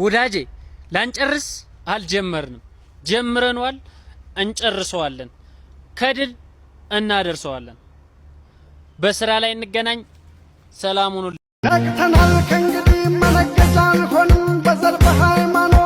ወዳጄ ላንጨርስ አልጀመርንም፣ ጀምረኗል፣ እንጨርሰዋለን፣ ከድል እናደርሰዋለን። በስራ ላይ እንገናኝ። ሰላሙን ነቅተናል ከእንግዲህ መነገጃ አንሆንም በዘር በሃይማኖት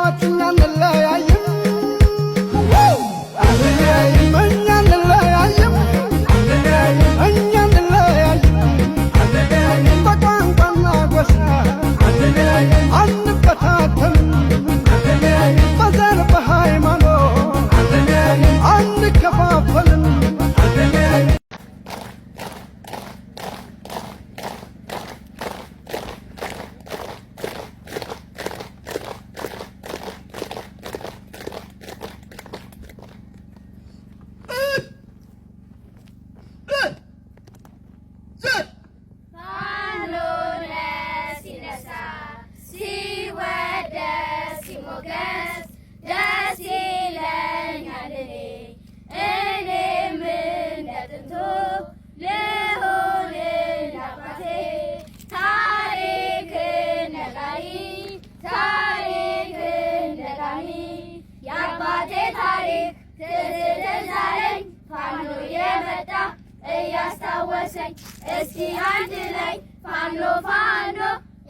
እያስታወሰኝ እስኪ አንድ ላይ ፋኖ ፋኖ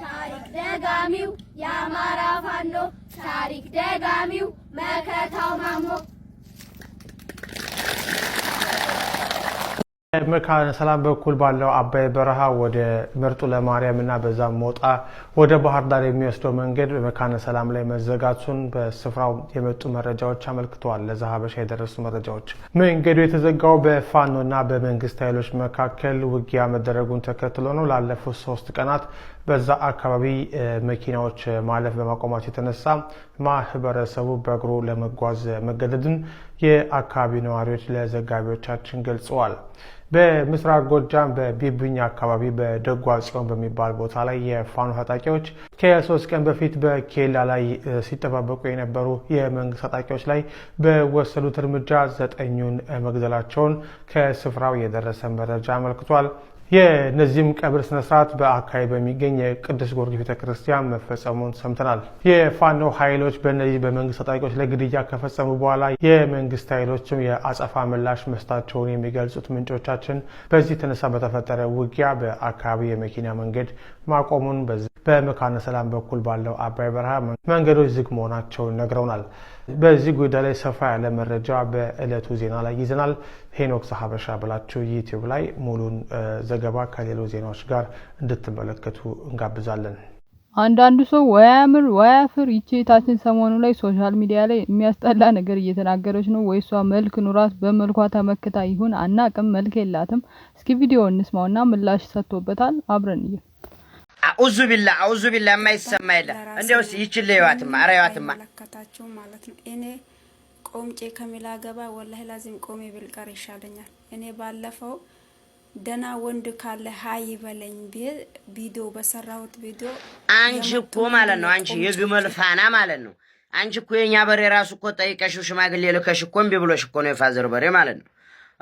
ታሪክ ደጋሚው የአማራ ፋኖ ታሪክ ደጋሚው መከታው ማሞ መካነ ሰላም በኩል ባለው አባይ በረሃ ወደ ምርጡ ለማርያም እና በዛም ሞጣ ወደ ባህር ዳር የሚወስደው መንገድ በመካነ ሰላም ላይ መዘጋቱን በስፍራው የመጡ መረጃዎች አመልክተዋል። ለዛ ሀበሻ የደረሱ መረጃዎች መንገዱ የተዘጋው በፋኖ እና በመንግስት ኃይሎች መካከል ውጊያ መደረጉን ተከትሎ ነው። ላለፉት ሶስት ቀናት በዛ አካባቢ መኪናዎች ማለፍ በማቆማቸው የተነሳ ማህበረሰቡ በእግሩ ለመጓዝ መገደድን የአካባቢ ነዋሪዎች ለዘጋቢዎቻችን ገልጸዋል። በምስራቅ ጎጃም በቢብኛ አካባቢ በደጓ ጽዮን በሚባል ቦታ ላይ የፋኖ ታጣቂዎች ከሶስት ቀን በፊት በኬላ ላይ ሲጠባበቁ የነበሩ የመንግስት ታጣቂዎች ላይ በወሰዱት እርምጃ ዘጠኙን መግደላቸውን ከስፍራው የደረሰ መረጃ አመልክቷል። የእነዚህም ቀብር ስነስርዓት በአካባቢ በሚገኝ የቅዱስ ጊዮርጊስ ቤተ ክርስቲያን መፈጸሙን ሰምተናል። የፋኖ ኃይሎች በእነዚህ በመንግስት ታጣቂዎች ላይ ግድያ ከፈጸሙ በኋላ የመንግስት ኃይሎችም የአጸፋ ምላሽ መስታቸውን የሚገልጹት ምንጮቻችን በዚህ የተነሳ በተፈጠረ ውጊያ በአካባቢ የመኪና መንገድ ማቆሙን በዚህ በመካነ ሰላም በኩል ባለው አባይ በረሃ መንገዶች ዝግ መሆናቸውን ነግረውናል። በዚህ ጉዳይ ላይ ሰፋ ያለ መረጃ በዕለቱ ዜና ላይ ይዘናል። ሄኖክ ሀበሻ ብላችሁ ዩቲዩብ ላይ ሙሉን ዘገባ ከሌሎች ዜናዎች ጋር እንድትመለከቱ እንጋብዛለን። አንዳንዱ ሰው ወያምር ወያፍር የታችን ሰሞኑ ላይ ሶሻል ሚዲያ ላይ የሚያስጠላ ነገር እየተናገረች ነው። ወይ እሷ መልክ ኑራት በመልኳ ተመክታ ይሁን አናቅም። መልክ የላትም። እስኪ ቪዲዮ እንስማውና ምላሽ ሰጥቶበታል። አብረን አዑዙ ቢላ አዑዙ ቢላ የማይሰማ የለም። እንዲያውስ ይችል ለህይወትማ ኧረ ህይወትማ መለከታቸው ማለት ነው። እኔ ቆምጬ ከሚላ ገባ ወላሂ ላዚም ቆሜ ብልቀር ይሻለኛል። እኔ ባለፈው ደና ወንድ ካለ ሀይ በለኝ ቪዲዮ በሰራሁት ቪዲዮ አንቺ እኮ ማለት ነው አንቺ የግመል ፋና ማለት ነው። አንቺ እኮ የእኛ በሬ ራሱ እኮ ጠይቀሽው ሽማግሌ ልከሽ እኮ እምቢ ብሎሽ እኮ ነው የፋዘር በሬ ማለት ነው።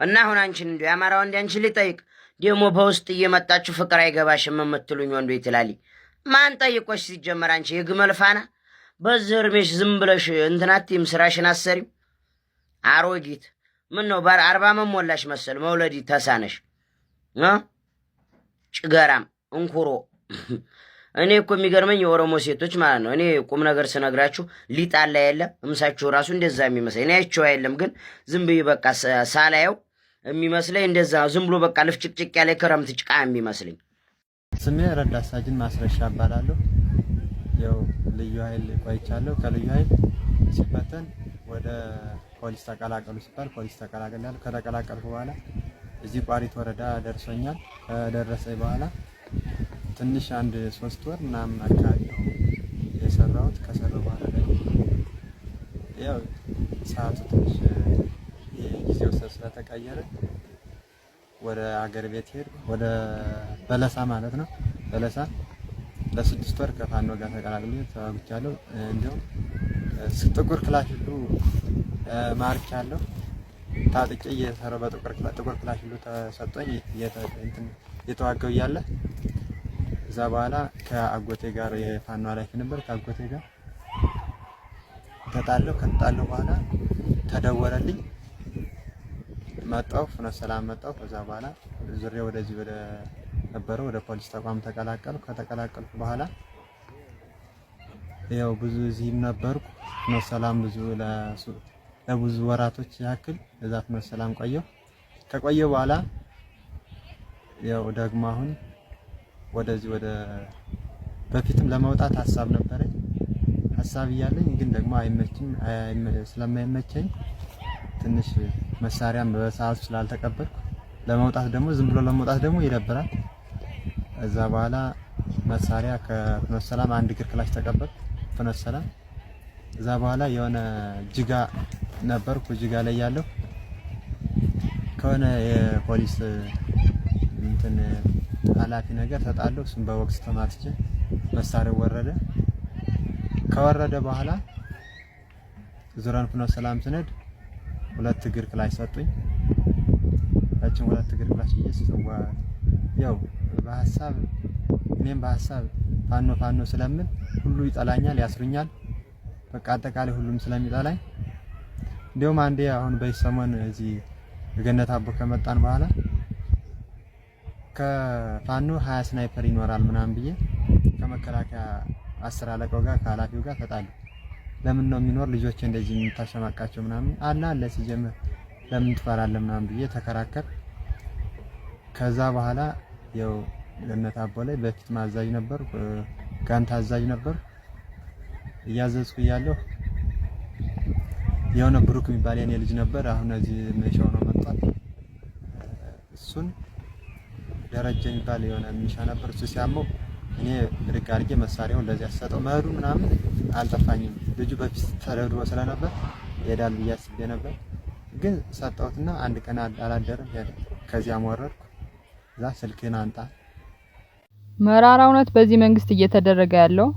እና አሁን አንቺን እንዲ የአማራ ወንድ አንቺን ሊጠይቅ ደግሞ በውስጥ እየመጣችሁ ፍቅር አይገባሽም የምትሉኝ ወንዶ ይትላል። ማን ጠይቆሽ? ሲጀመር አንቺ የግመል ፋና በዚህ እርሜሽ ዝም ብለሽ እንትናትም ስራሽን አሰሪም አሮጊት ምን ነው አርባ መሞላሽ መሰል መውለድ ተሳነሽ? ጭገራም እንኩሮ። እኔ እኮ የሚገርመኝ የኦሮሞ ሴቶች ማለት ነው። እኔ ቁም ነገር ስነግራችሁ ሊጣላ የለም እምሳችሁ ራሱ እንደዛ የሚመስል እኔ አይቼው የለም ግን ዝም ብዬ በቃ ሳላየው የሚመስለኝ እንደዛ ዝም ብሎ በቃ ልፍ ያለ ክረምት ጭቃ የሚመስለኝ። ስሜ ረዳት ሳጅን ማስረሻ እባላለሁ። ያው ልዩ ኃይል ቆይቻለሁ። ከልዩ ኃይል ሲፈተን ወደ ፖሊስ ተቀላቀሉ ሲባል ፖሊስ ተቀላቀላለሁ። ከተቀላቀልኩ በኋላ እዚህ ቋሪት ወረዳ ደርሶኛል። ከደረሰ በኋላ ትንሽ አንድ ሶስት ወር ምናምን አካባቢ ነው የሰራሁት። ከሰራሁ በኋላ ደግሞ ያው ሰዓቱ ትንሽ ጊዜው ስለተቀየረ ወደ አገር ቤት ሄድ ወደ በለሳ ማለት ነው። በለሳ ለስድስት ወር ከፋኖ ጋር ተቀላቅሎ ተዋግቻለሁ። እንዲሁም ጥቁር ክላሽ ሁሉ ማርቻለሁ። ታጥቄ እየሰራሁ በጥቁር ክላሽ ጥቁር ሁሉ ተሰጠኝ እየተዋገው እያለ እዛ በኋላ ከአጎቴ ጋር የፋኖ ኃላፊ ነበር። ከአጎቴ ጋር ተጣለው ከተጣለው በኋላ ተደወለልኝ። መጣሁ ፍኖተ ሰላም መጣሁ። ከዛ በኋላ ዙሬ ወደዚህ ወደ ነበረው ወደ ፖሊስ ተቋም ተቀላቀልኩ። ከተቀላቀልኩ በኋላ ያው ብዙ እዚህም ነበርኩ ፍኖተ ሰላም ብዙ ለብዙ ወራቶች ያክል እዛ ፍኖተ ሰላም ቆየሁ። ከቆየሁ በኋላ ያው ደግሞ አሁን ወደዚህ ወደ በፊትም ለመውጣት ሀሳብ ነበረኝ። ሀሳብ እያለኝ ግን ደግሞ አይመችም ስለማይመቸኝ ትንሽ መሳሪያም በሰዓቱ ስላልተቀበልኩ ለመውጣት ደግሞ ዝም ብሎ ለመውጣት ደግሞ ይደብራል። እዛ በኋላ መሳሪያ ከፍኖተ ሰላም አንድ እግር ክላሽ ተቀበልኩ ፍኖተ ሰላም። እዛ በኋላ የሆነ ጅጋ ነበርኩ። ጅጋ ላይ ያለሁ ከሆነ የፖሊስ እንትን ኃላፊ ነገር ተጣለው እሱም በወቅት ተማትቼ መሳሪያው ወረደ። ከወረደ በኋላ ዙረን ፍኖተ ሰላም ስነድ ሁለት እግር ክላሽ ሰጡኝ። ያችን ሁለት እግር ክላሽ እየሰዋ ያው በሀሳብ እኔም በሀሳብ ፋኖ ፋኖ ስለምን ሁሉ ይጠላኛል፣ ያስሩኛል። በቃ አጠቃላይ ሁሉም ስለሚጠላኝ እንዲሁም አንዴ አሁን በዚህ ሰሞን እዚህ ገነት አቦ ከመጣን በኋላ ከፋኖ ሀያ ስናይፐር ይኖራል ምናምን ብዬ ከመከላከያ አስር አለቀው ጋር ከኃላፊው ጋር ተጣሉ። ለምን ነው የሚኖር ልጆች እንደዚህ የምታሸማቃቸው ምናምን አለ አለ ሲጀምር ለምን ትፈራለህ ምናምን ብዬ ተከራከር። ከዛ በኋላ ያው ገነት አቦ ላይ በፊት ማዛዥ ነበር፣ ጋን ታዛዥ ነበር። እያዘዝኩ እያለሁ የሆነ ብሩክ የሚባል የኔ ልጅ ነበር። አሁን እዚህ ሚሻው ነው መጥቷል። እሱን ደረጀ የሚባል የሆነ ሚሻ ነበር። እሱ ሲያመው እኔ ብድግ አድርጌ መሳሪያውን ለዚያ ሰጠው። መሩ ምናምን አልጠፋኝም። ልጁ በፊት ተደርድሮ ስለነበር ይሄዳል ብዬ አስቤ ነበር፣ ግን ሰጠሁትና አንድ ቀን አላደረም ሄደ። ከዚያ ወረድኩ። እዛ ስልክህን አንጣ። መራራ እውነት በዚህ መንግስት እየተደረገ ያለው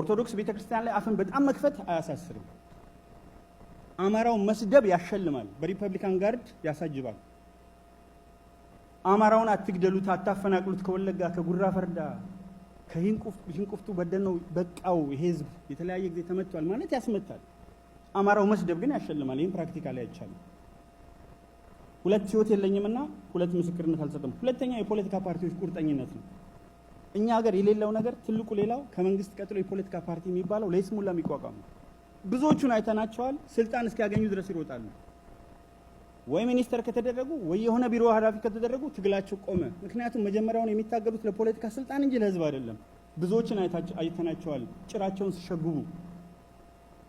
ኦርቶዶክስ ቤተክርስቲያን ላይ አፍን በጣም መክፈት አያሳስርም። አማራውን መስደብ ያሸልማል፣ በሪፐብሊካን ጋርድ ያሳጅባል። አማራውን አትግደሉት፣ አታፈናቅሉት ከወለጋ ከጉራ ፈርዳ ከሂንቁፍቱ በደነው በቃው። ይሄ ህዝብ የተለያየ ጊዜ ተመቷል ማለት ያስመታል። አማራው መስደብ ግን ያሸልማል። ይህም ፕራክቲካ ላይ አይቻልም። ሁለት ህይወት የለኝምና ሁለት ምስክርነት አልሰጥም። ሁለተኛ የፖለቲካ ፓርቲዎች ቁርጠኝነት ነው። እኛ ሀገር የሌለው ነገር ትልቁ ሌላው ከመንግስት ቀጥሎ የፖለቲካ ፓርቲ የሚባለው ለይስሙላ የሚቋቋም ብዙዎቹን አይተናቸዋል። ስልጣን እስኪያገኙ ድረስ ይሮጣሉ። ወይ ሚኒስተር ከተደረጉ ወይ የሆነ ቢሮ ኃላፊ ከተደረጉ ትግላቸው ቆመ። ምክንያቱም መጀመሪያውን የሚታገሉት ለፖለቲካ ስልጣን እንጂ ለህዝብ አይደለም። ብዙዎችን አይተናቸዋል፣ ጭራቸውን ሲሸጉቡ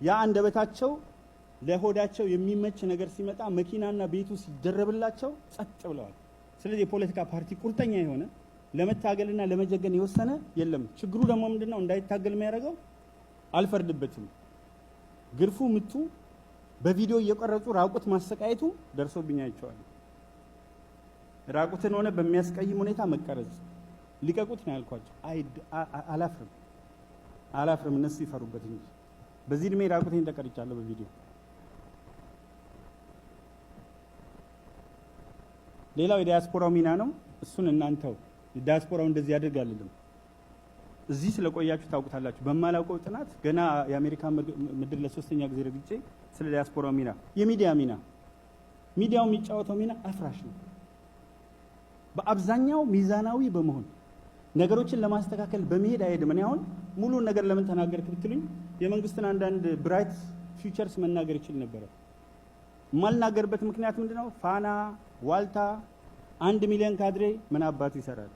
ያ አንደበታቸው ለሆዳቸው የሚመች ነገር ሲመጣ መኪናና ቤቱ ሲደረብላቸው ጸጥ ብለዋል። ስለዚህ የፖለቲካ ፓርቲ ቁርጠኛ የሆነ ለመታገልና ለመጀገን የወሰነ የለም። ችግሩ ደግሞ ምንድነው? እንዳይታገል የሚያደርገው አልፈርድበትም ግርፉ ምቱ በቪዲዮ እየቀረጹ ራቁት ማሰቃየቱ ደርሶብኝ አይቼዋለሁ። ራቁትን ሆነ በሚያስቀይም ሁኔታ መቀረጽ ሊቀቁት ነው ያልኳቸው። አላፍርም አላፍርም፣ እነሱ ይፈሩበት እንጂ በዚህ እድሜ ራቁቴን ተቀርጫለሁ በቪዲዮ። ሌላው የዲያስፖራው ሚና ነው። እሱን እናንተው ዲያስፖራው እንደዚህ ያደርግ አልልም። እዚህ ስለቆያችሁ ታውቁታላችሁ። በማላውቀው ጥናት ገና የአሜሪካ ምድር ለሶስተኛ ጊዜ ረግጬ ስለ ዲያስፖራው ሚና፣ የሚዲያ ሚና፣ ሚዲያው የሚጫወተው ሚና አፍራሽ ነው። በአብዛኛው ሚዛናዊ በመሆን ነገሮችን ለማስተካከል በመሄድ አይሄድም። እኔ አሁን ሙሉን ነገር ለምን ተናገርክ ብትሉኝ የመንግስትን አንዳንድ ብራይት ፊውቸርስ መናገር ይችል ነበረ። የማልናገርበት ምክንያት ምንድነው? ፋና ዋልታ አንድ ሚሊዮን ካድሬ ምን አባቱ ይሰራል?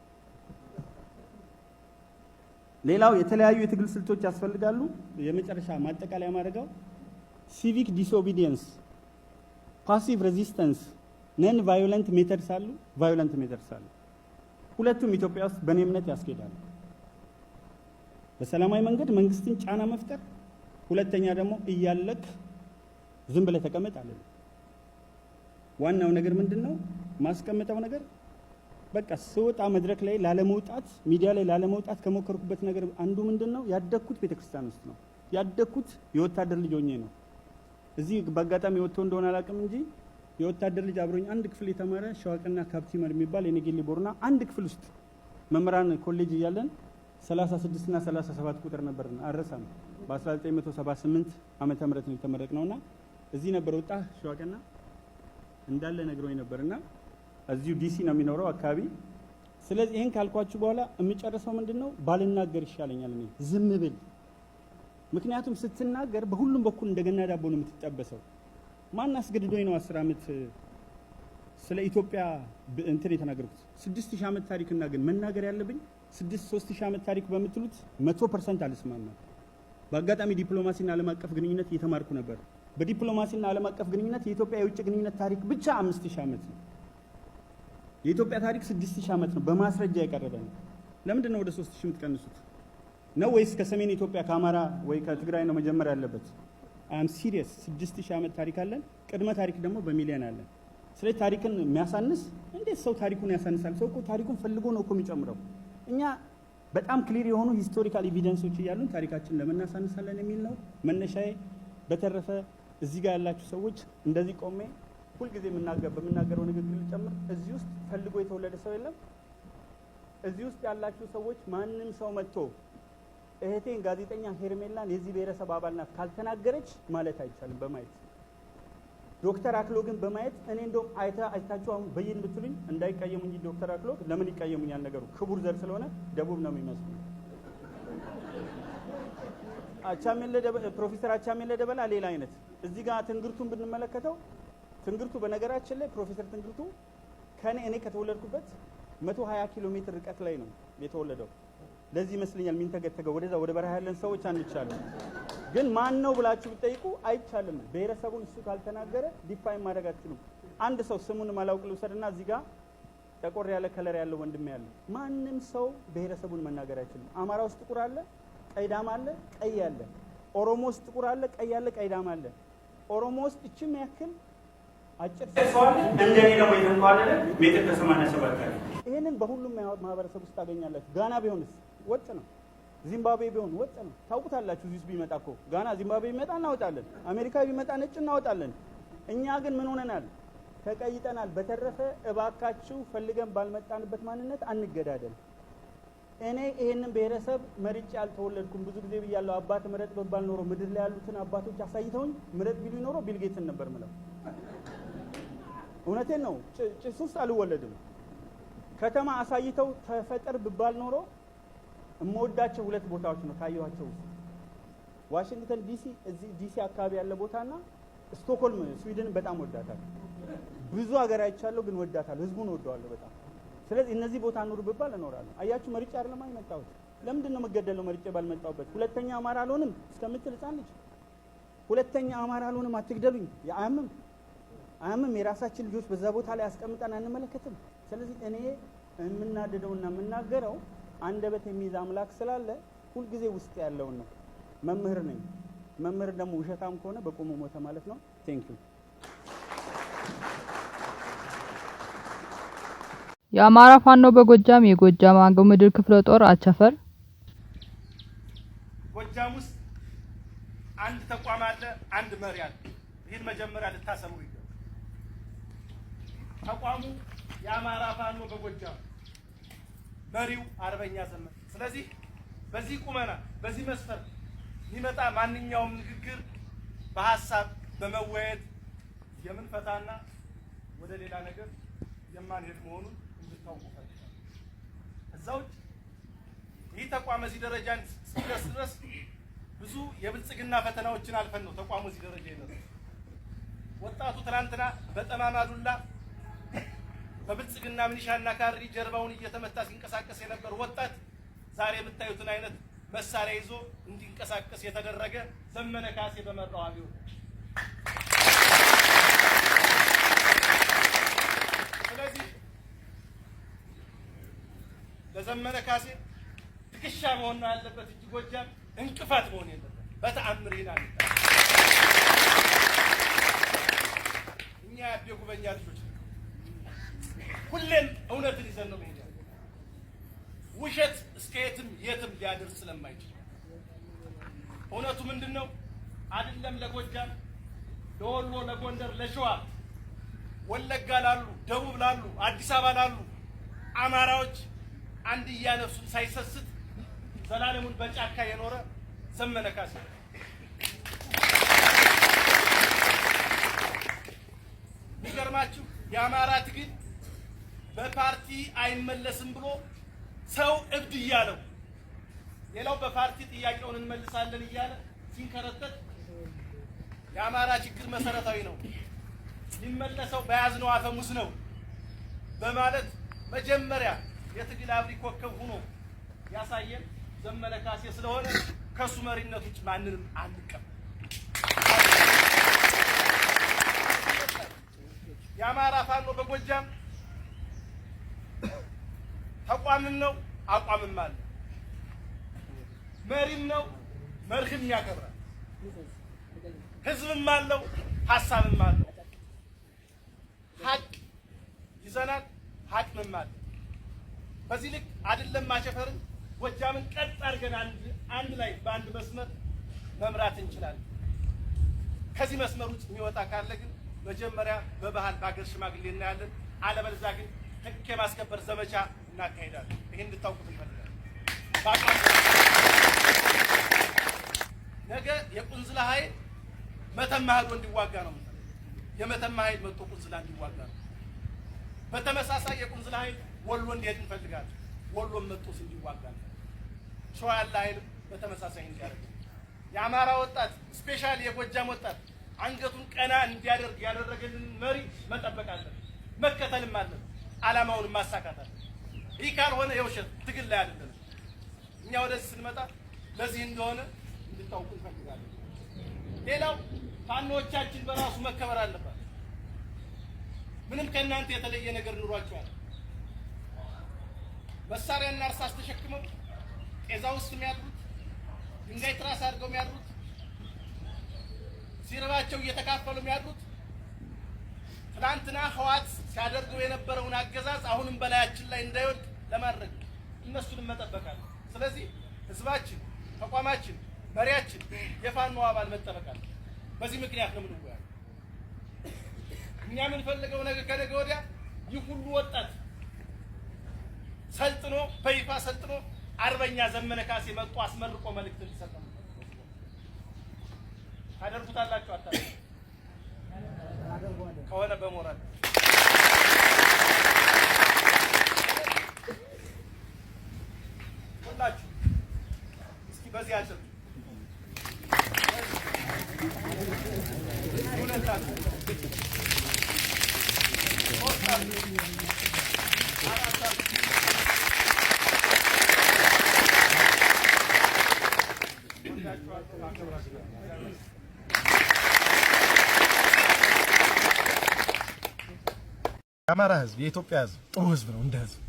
ሌላው የተለያዩ የትግል ስልቶች ያስፈልጋሉ። የመጨረሻ ማጠቃለያ ማድረገው ሲቪክ ዲስኦቢዲየንስ፣ ፓሲቭ ሬዚስተንስ፣ ነን ቫዮለንት ሜተድስ አሉ፣ ቫዮለንት ሜተድስ አሉ። ሁለቱም ኢትዮጵያ ውስጥ በእኔ እምነት ያስኬዳሉ። በሰላማዊ መንገድ መንግስትን ጫና መፍጠር፣ ሁለተኛ ደግሞ እያለክ ዝም ብለህ ተቀመጥ አለ። ዋናው ነገር ምንድን ነው ማስቀምጠው ነገር በቃ ስወጣ መድረክ ላይ ላለመውጣት ሚዲያ ላይ ላለመውጣት ከሞከርኩበት ነገር አንዱ ምንድን ነው ያደግኩት ቤተክርስቲያን ውስጥ ነው ያደግኩት የወታደር ልጅ ሆኜ ነው። እዚህ በአጋጣሚ ወጥቶ እንደሆነ አላውቅም እንጂ የወታደር ልጅ አብሮኝ አንድ ክፍል የተማረ ሸዋቅና ካፕቲመር የሚባል የነጌሌ ቦርና አንድ ክፍል ውስጥ መምህራን ኮሌጅ እያለን 36 እና 37 ቁጥር ነበር አረሳም። በ1978 ዓመተ ምህረት ነው የተመረቅነውና እዚህ ነበር ወጣ ሸዋቅና እንዳለ ነግሮኝ ነበርና እዚሁ ዲሲ ነው የሚኖረው አካባቢ። ስለዚህ ይህን ካልኳችሁ በኋላ የምጨርሰው ምንድን ነው ባልናገር ይሻለኛል ዝም ብል ምክንያቱም ስትናገር በሁሉም በኩል እንደገና ዳቦ ነው የምትጠበሰው። ማን አስገድዶኝ ነው አስር ዓመት ስለ ኢትዮጵያ እንትን የተናገርኩት? ስድስት ሺህ ዓመት ታሪክና ግን መናገር ያለብኝ ስድስት ሶስት ሺህ ዓመት ታሪክ በምትሉት መቶ ፐርሰንት አልስማማም። በአጋጣሚ ዲፕሎማሲና ዓለም አቀፍ ግንኙነት እየተማርኩ ነበር። በዲፕሎማሲና ዓለም አቀፍ ግንኙነት የኢትዮጵያ የውጭ ግንኙነት ታሪክ ብቻ አምስት ሺህ ዓመት ነው። የኢትዮጵያ ታሪክ ስድስት ሺህ ዓመት ነው፣ በማስረጃ የቀረበ ነው። ለምንድን ነው ወደ ሶስት ሺህ የምትቀንሱት? ነው ወይስ ከሰሜን ኢትዮጵያ ከአማራ ወይ ከትግራይ ነው መጀመር ያለበት? አም ሲሪየስ ስድስት ሺህ ዓመት ታሪክ አለን። ቅድመ ታሪክ ደግሞ በሚሊዮን አለን። ስለዚህ ታሪክን የሚያሳንስ እንዴት ሰው ታሪኩን ያሳንሳል? ሰው እኮ ታሪኩን ፈልጎ ነው እኮ የሚጨምረው። እኛ በጣም ክሊር የሆኑ ሂስቶሪካል ኤቪደንሶች እያሉን ታሪካችን ለምን እናሳንሳለን የሚል ነው መነሻዬ። በተረፈ እዚህ ጋር ያላችሁ ሰዎች እንደዚህ ቆሜ ሁልጊዜ በምናገረው ንግግር ልጨምር፣ እዚህ ውስጥ ፈልጎ የተወለደ ሰው የለም። እዚህ ውስጥ ያላችሁ ሰዎች ማንም ሰው መጥቶ እህቴን ጋዜጠኛ ሄርሜላን የዚህ ብሔረሰብ አባል ናት ካልተናገረች ማለት አይቻልም። በማየት ዶክተር አክሎግን በማየት እኔ እንደውም አይተ አይታችሁ አሁን በይን ብትሉኝ እንዳይቀየሙኝ ዶክተር አክሎግ ለምን ይቀየሙኛል? ነገሩ ክቡር ዘር ስለሆነ ደቡብ ነው የሚመስሉ ፕሮፌሰር አቻሜለ ደበላ ሌላ አይነት። እዚህ ጋር ትንግርቱን ብንመለከተው ትንግርቱ በነገራችን ላይ ፕሮፌሰር ትንግርቱ እኔ ከተወለድኩበት 120 ኪሎ ሜትር ርቀት ላይ ነው የተወለደው። ለዚህ ይመስለኛል የሚንተገተገው ወደዛ ወደ በረሃ ያለን ሰዎች አንቻልም። ግን ማን ነው ብላችሁ ብትጠይቁ አይቻልም። ብሔረሰቡን እሱ ካልተናገረ ዲፋይን ማድረግ አትችሉም። አንድ ሰው ስሙን ማላውቅ ልውሰድና እዚህ ጋር ጠቆር ያለ ከለር ያለው ወንድም ያለ ማንም ሰው ብሔረሰቡን መናገር አይችልም። አማራ ውስጥ ጥቁር አለ፣ ቀይ ዳም አለ፣ ቀይ አለ። ኦሮሞ ውስጥ ጥቁር አለ፣ ቀይ አለ፣ ቀይ ዳም አለ። ኦሮሞ ውስጥ እችም ያክል አጭር ሰው እንደኔ ነው ወይ የተንኳለለ ሜትር ከሰማንያ ሰባት ይህንን በሁሉም ማህበረሰብ ውስጥ ታገኛላችሁ። ጋና ቢሆንስ ወጥ ነው። ዚምባብዌ ቢሆን ወጥ ነው። ታውቁታላችሁ። ዚስ ቢመጣ እኮ ጋና ዚምባብዌ ቢመጣ እናወጣለን። አሜሪካ ቢመጣ ነጭ እናወጣለን። እኛ ግን ምን ሆነናል? ተቀይጠናል። በተረፈ እባካችሁ ፈልገን ባልመጣንበት ማንነት አንገዳደል። እኔ ይሄንን ብሔረሰብ መርጬ አልተወለድኩም። ብዙ ጊዜ ብያለሁ። አባት ምረጥ ብባል ኖሮ ምድር ላይ ያሉትን አባቶች አሳይተውኝ ምረጥ ቢሉ ኖሮ ቢልጌትን ነበር ምለው። እውነቴን ነው። ጭስ ውስጥ አልወለድም። ከተማ አሳይተው ተፈጠር ብባል ኖሮ እምወዳቸው ሁለት ቦታዎች ነው ካየኋቸው ውስጥ ዋሽንግተን ዲሲ እዚህ ዲሲ አካባቢ ያለ ቦታና ስቶክሆልም ስዊድን በጣም ወዳታለሁ። ብዙ ሀገር አይቻለሁ፣ ግን ወዳታለሁ። ህዝቡን ወደዋለሁ በጣም። ስለዚህ እነዚህ ቦታ ኑር ብባል እኖራለሁ። አያችሁ መርጬ አይደለም የመጣሁት። ለምንድን ነው መገደለው መርጬ ባልመጣሁበት? ሁለተኛ አማራ አልሆንም እስከምትል ህጻን ልጅ ሁለተኛ አማራ አልሆንም አትግደሉኝ። የአምም አያምም የራሳችን ልጆች በዛ ቦታ ላይ አስቀምጠን አንመለከትም። ስለዚህ እኔ የምናደደውና የምናገረው አንደበት የሚይዝ አምላክ ስላለ ሁልጊዜ ውስጥ ያለውን ነው። መምህር ነኝ። መምህር ደግሞ ውሸታም ከሆነ በቆሞ ሞተ ማለት ነው። ቴንክ ዩ። የአማራ ፋኖ በጎጃም የጎጃም አገው ምድር ክፍለ ጦር አቸፈር ጎጃም ውስጥ አንድ ተቋም አለ፣ አንድ መሪ አለ። ይህን መጀመሪያ ልታሰሙ ይገባል። ተቋሙ የአማራ ፋኖ በጎጃም መሪው አርበኛ ዘመን። ስለዚህ በዚህ ቁመና በዚህ መስፈር የሚመጣ ማንኛውም ንግግር በሀሳብ በመወያየት የምንፈታና ወደ ሌላ ነገር የማንሄድ መሆኑን እንድታውቁ ፈልጋለሁ። እዛ ውጭ ይህ ተቋም እዚህ ደረጃ እስኪደርስ ድረስ ብዙ የብልጽግና ፈተናዎችን አልፈን ነው ተቋሙ እዚህ ደረጃ የደረሰው። ወጣቱ ትናንትና በጠማማ ዱላ በብልጽግና ምንሻና ካድሬ ጀርባውን እየተመታ ሲንቀሳቀስ የነበር ወጣት ዛሬ የምታዩትን አይነት መሳሪያ ይዞ እንዲንቀሳቀስ የተደረገ ዘመነ ካሴ በመራው አብዮት ስለዚህ ለዘመነ ካሴ ትከሻ መሆን ነው ያለበት እንጂ ጎጃም እንቅፋት መሆን የለበት። በተአምር ይላል እኛ ያደጉበኛ ልጆች ሁሌም እውነትን ይዘን ነው መሄድ ያለብን። ውሸት እስከ የትም የትም ሊያደርስ ስለማይችል እውነቱ ምንድን ነው? አይደለም ለጎጃም፣ ለወሎ፣ ለጎንደር፣ ለሸዋ፣ ወለጋ ላሉ፣ ደቡብ ላሉ፣ አዲስ አበባ ላሉ አማራዎች አንድያ ነፍሱን ሳይሰስት ዘላለሙን በጫካ የኖረ ዘመነ ካሴ የሚገርማችሁ የአማራ ትግል በፓርቲ አይመለስም ብሎ ሰው እብድ እያለው ሌላው በፓርቲ ጥያቄውን እንመልሳለን እያለ ሲንከረተት የአማራ ችግር መሰረታዊ ነው፣ የሚመለሰው በያዝነው አፈሙዝ ነው በማለት መጀመሪያ የትግል አብሪ ኮከብ ሆኖ ያሳየን ዘመነ ካሴ ስለሆነ ከሱ መሪነት ውጭ ማንንም አንቀበል። የአማራ ፋኖ በጎጃም ተቋምም ነው አቋምም አለ። መሪም ነው መርህም ያከብራል። ህዝብም አለው ሀሳብም አለው። ሀቅ ይዘናል ሀቅምም አለ። በዚህ ልክ አይደለም ማጨፈርን ጎጃምን ቀጥ አድርገን አንድ ላይ በአንድ መስመር መምራት እንችላለን። ከዚህ መስመር ውጭ የሚወጣ ካለ ግን መጀመሪያ በባህል በሀገር ሽማግሌ እናያለን። አለበለዚያ ግን ህግ የማስከበር ዘመቻ እናካሄዳለን። ይህን እንድታውቁት እንፈልጋለን። ነገ የቁንዝላ ኃይል መተማ ሄዶ እንዲዋጋ ነው። የመተማ ኃይል መጥቶ ቁንዝላ እንዲዋጋ ነው። በተመሳሳይ የቁንዝላ ኃይል ወሎ እንዲሄድ እንፈልጋለን። ወሎም መጥቶ እንዲዋጋ ነው። ሸዋ ያለ ኃይል በተመሳሳይ እንዲያደርግ የአማራ ወጣት ስፔሻል የጎጃም ወጣት አንገቱን ቀና እንዲያደርግ ያደረገልን መሪ መጠበቅ አለን፣ መከተልም አለን፣ አላማውን ማሳካት አለን። ይህ ካልሆነ የውሸት ትግል ላይ አይደለም። እኛ ወደዚህ ስንመጣ ለዚህ እንደሆነ እንድታውቁ እንፈልጋለን። ሌላው ፋኖቻችን በራሱ መከበር አለባት። ምንም ከእናንተ የተለየ ነገር ኑሯቸዋል። መሳሪያና እርሳስ ተሸክመው ጤዛ ውስጥ የሚያድሩት ድንጋይ ትራስ አድርገው የሚያድሩት ሲርባቸው እየተካፈሉ የሚያድሩት ትናንትና ህዋት ሲያደርገው የነበረውን አገዛዝ አሁንም በላያችን ላይ እንዳይወድ ለማድረግ እነሱንም መጠበቃል። ስለዚህ ህዝባችን፣ ተቋማችን፣ መሪያችን የፋኖ አባል መጠበቃል። በዚህ ምክንያት ነው የምንወያየው። እኛ የምንፈልገው ነገ ከነገ ወዲያ ይህ ሁሉ ወጣት ሰልጥኖ በይፋ ሰልጥኖ አርበኛ ዘመነ ካሴ መጥቶ አስመርቆ መልእክት እንዲሰጥ ታደርጉታላችሁ አታ ከሆነ በሞራል ሁላችሁ እስኪ በዚህ አጭር የአማራ ህዝብ የኢትዮጵያ ህዝብ ጥሩ ህዝብ ነው። እንደ ህዝብ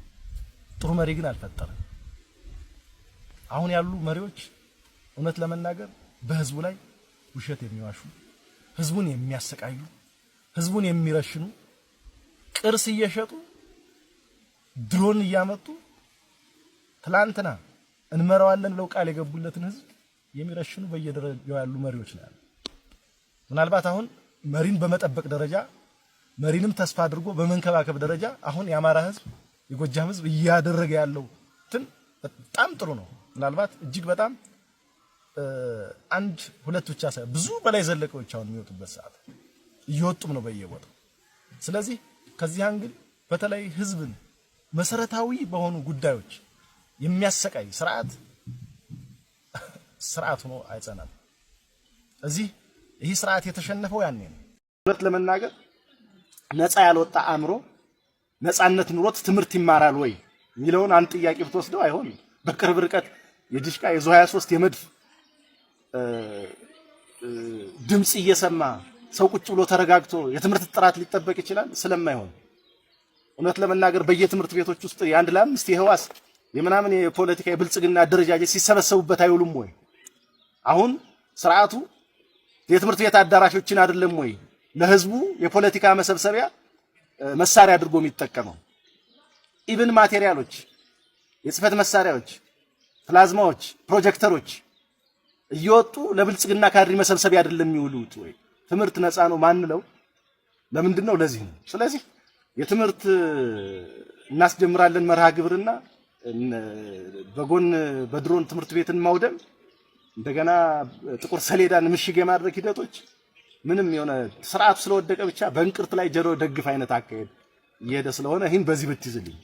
ጥሩ መሪ ግን አልፈጠረም። አሁን ያሉ መሪዎች እውነት ለመናገር በህዝቡ ላይ ውሸት የሚዋሹ ህዝቡን የሚያሰቃዩ ህዝቡን የሚረሽኑ ቅርስ እየሸጡ ድሮን እያመጡ ትላንትና እንመራዋለን ብለው ቃል የገቡለትን ህዝብ የሚረሽኑ በየደረጃው ያሉ መሪዎች ነው ያሉ። ምናልባት አሁን መሪን በመጠበቅ ደረጃ መሪንም ተስፋ አድርጎ በመንከባከብ ደረጃ አሁን የአማራ ህዝብ የጎጃም ህዝብ እያደረገ ያለው እንትን በጣም ጥሩ ነው። ምናልባት እጅግ በጣም አንድ ሁለት ብቻ ሳይሆን ብዙ በላይ ዘለቀዎች አሁን የሚወጡበት ሰዓት እየወጡም ነው በየቦታው። ስለዚህ ከዚህ አንግል በተለይ ህዝብን መሰረታዊ በሆኑ ጉዳዮች የሚያሰቃይ ስርዓት ስርዓት ሆኖ አይጸናም። እዚህ ይህ ስርዓት የተሸነፈው ያኔ ነው። ሁለት ለመናገር ነፃ ያልወጣ አእምሮ ነፃነት ኑሮት ትምህርት ይማራል ወይ የሚለውን አንድ ጥያቄ ብትወስደው አይሆንም። በቅርብ ርቀት የድሽቃ የዙ 23 የመድፍ ድምፅ እየሰማ ሰው ቁጭ ብሎ ተረጋግቶ የትምህርት ጥራት ሊጠበቅ ይችላል? ስለማይሆን እውነት ለመናገር በየትምህርት ቤቶች ውስጥ የአንድ ለአምስት የህዋስ የምናምን የፖለቲካ የብልጽግና አደረጃጀት ሲሰበሰቡበት አይውሉም ወይ? አሁን ስርዓቱ የትምህርት ቤት አዳራሾችን አይደለም ወይ ለህዝቡ የፖለቲካ መሰብሰቢያ መሳሪያ አድርጎ የሚጠቀመው ኢቭን ማቴሪያሎች፣ የጽህፈት መሳሪያዎች፣ ፕላዝማዎች፣ ፕሮጀክተሮች እየወጡ ለብልጽግና ካድሪ መሰብሰቢያ አይደለም የሚውሉት። ወይ ትምህርት ነፃ ነው ማንለው ለምንድን ነው? ለዚህ ነው። ስለዚህ የትምህርት እናስጀምራለን መርሃ ግብርና በጎን በድሮን ትምህርት ቤትን ማውደም እንደገና ጥቁር ሰሌዳን ምሽግ የማድረግ ሂደቶች ምንም የሆነ ስርዓቱ ስለወደቀ ብቻ በእንቅርት ላይ ጀሮ ደግፍ አይነት አካሄድ እየሄደ ስለሆነ ይህን በዚህ ብትይዝልኝ።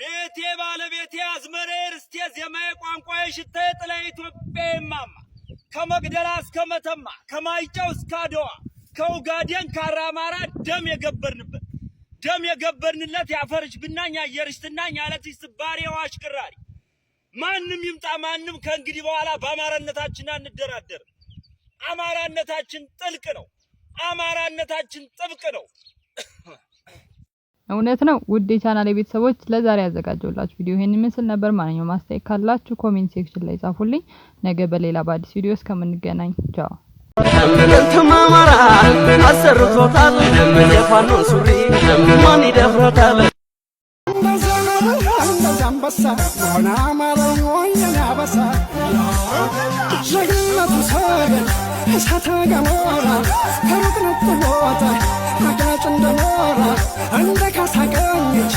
ቤቴ ባለቤቴ አዝመሬ ርስቴ ዜማዬ ቋንቋዬ ሽታዬ ጥላዬ ኢትዮጵያ ይማማ ከመቅደላ እስከ መተማ ከማይጨው እስከ አድዋ ከኡጋዴን ከአራማራ ደም የገበርንበት ደም የገበርንለት የአፈርሽ ብናኝ አየርሽ ትናኝ አለትሽ ስባሪ ዋሽ ማንም ይምጣ ማንም ከእንግዲህ በኋላ በአማራነታችን አንደራደርም። አማራነታችን ጥልቅ ነው። አማራነታችን ጥብቅ ነው። እውነት ነው። ውድ የቻናል ቤተሰቦች ለዛሬ ያዘጋጀውላችሁ ቪዲዮ ይሄን ይመስል ነበር። ማንኛውም አስተያየት ካላችሁ ኮሜንት ሴክሽን ላይ ጻፉልኝ። ነገ በሌላ በአዲስ ቪዲዮ እስከምንገናኝ ቻው። እሳተ ገሞራ ከሩቅ ንጥቦታ አጋጭ እንደኖራ እንደ ካሳ ቀኝች